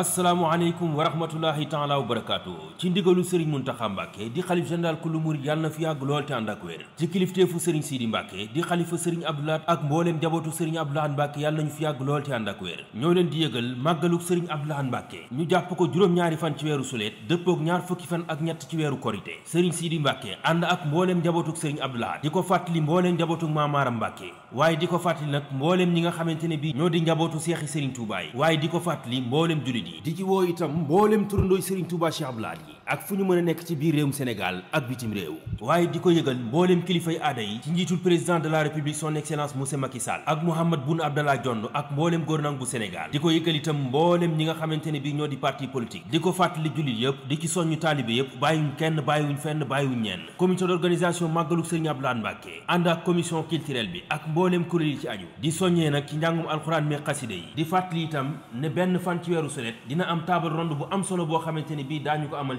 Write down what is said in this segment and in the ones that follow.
asalaamaaleykum wa rahmatullahi taala wa barakaatu ci ndigalu sëriñ Muntaxa Mbàkke di xalif général ku lu murid yàlla na fi yàgg lool te ànd ak wér ci kilifteefu sëriñ Sidi Mbàkke di xalifa sëriñ Abdoulaat ak mbooleem njabootu sëriñ Abdoulaat Mbàkke yàlla nañu fi yàgg lool te ànd ak wér ñoo leen di yëgal màggaluk sëriñ Abdoulaat Mbàkke ñu jàpp ko juróom-ñaari fan ci weeru suleet dëppook ñaar fukki fan ak ñett ci weeru korité sëriñ Sidi Mbàkke ànd ak mbooleem njabootuk sëriñ Abdoulaat di ko fàttali mbooleem njabootuk Maamaara Mbàkke waaye di ko fàttali nag mbooleem ñi nga xamante ne bi ñoo di njabootu seexi sëriñ Tuubaay waaye di ko fàttali mbooleem julit Mouride yi di ci woo itam mboolem turandooy Serigne Touba Cheikh Abdoul Ahad yi ak fu ñu mën nekk ci biir réewum Sénégal ak bitim réew waaye di ko yëgal mbooleem kilifay aada yi ci njiitul président de la république son excellence monsieur Macky Sall ak Mouhamed Boun Abdallah Dionne ak mbooleem gouvernement bu Sénégal di ko yëgal itam mbooleem ñi nga xamante ne bii ñoo di parti politique di ko fàttali jullit yëpp di ci soññu taalibe yëpp bàyyiwuñ kenn bàyyiwuñ fenn bàyyiwuñ ñenn comité d'organisation màggaluk Serigne Abdoulaye Mbacké ànd ak commission culturelle bi ak mbooleem kuréel yi ci di soññee nag ci njàngum alxuraan mi xaside yi di benn fan ci weeru sulet dina am table ronde bu am solo boo xamante ne bii daañu ko amal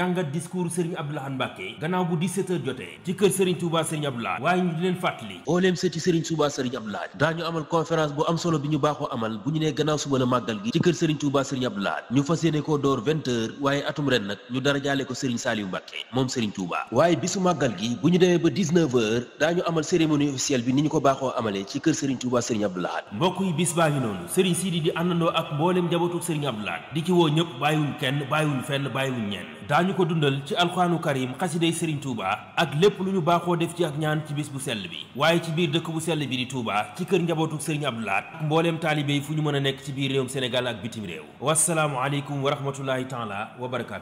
jàngat discours Serigne Abdoul Ahad Mbacké gannaaw bu 17 jotee ci kër Serigne Touba Serigne Abdoul Ahad waaye ñu di leen fàttali ooleem seeti Serigne Touba Serigne Abdoul Ahad ñu baaxoo amal bu door 20 waaye atum ren nag ñu dara jaale ko Serigne Saliou Mbacké moom Serigne Touba waaye bisu màggal gi bu ñu demee ba 19h daañu amal cérémonie officielle bi ni ñu ko baaxoo amalee ci kër Serigne Touba Serigne Abdoul Ahad mbokk yi bis baa ngi noonu Serigne Sidi di di ci ñu ko dundal ci alxuraanu karim xasiday sëriñ Touba ak lépp lu ñu baaxoo def ci ak ñaan ci bis bu sell bi waaye ci biir dëkk bu sell bi di Touba ci kër njabootu sëriñ Abdou Lahad ak mbooleem taalibe fu ñu mën a nekk ci biir réewum Sénégal ak bitim réew wasalaamu aleykum wa rahmatullahi taala wa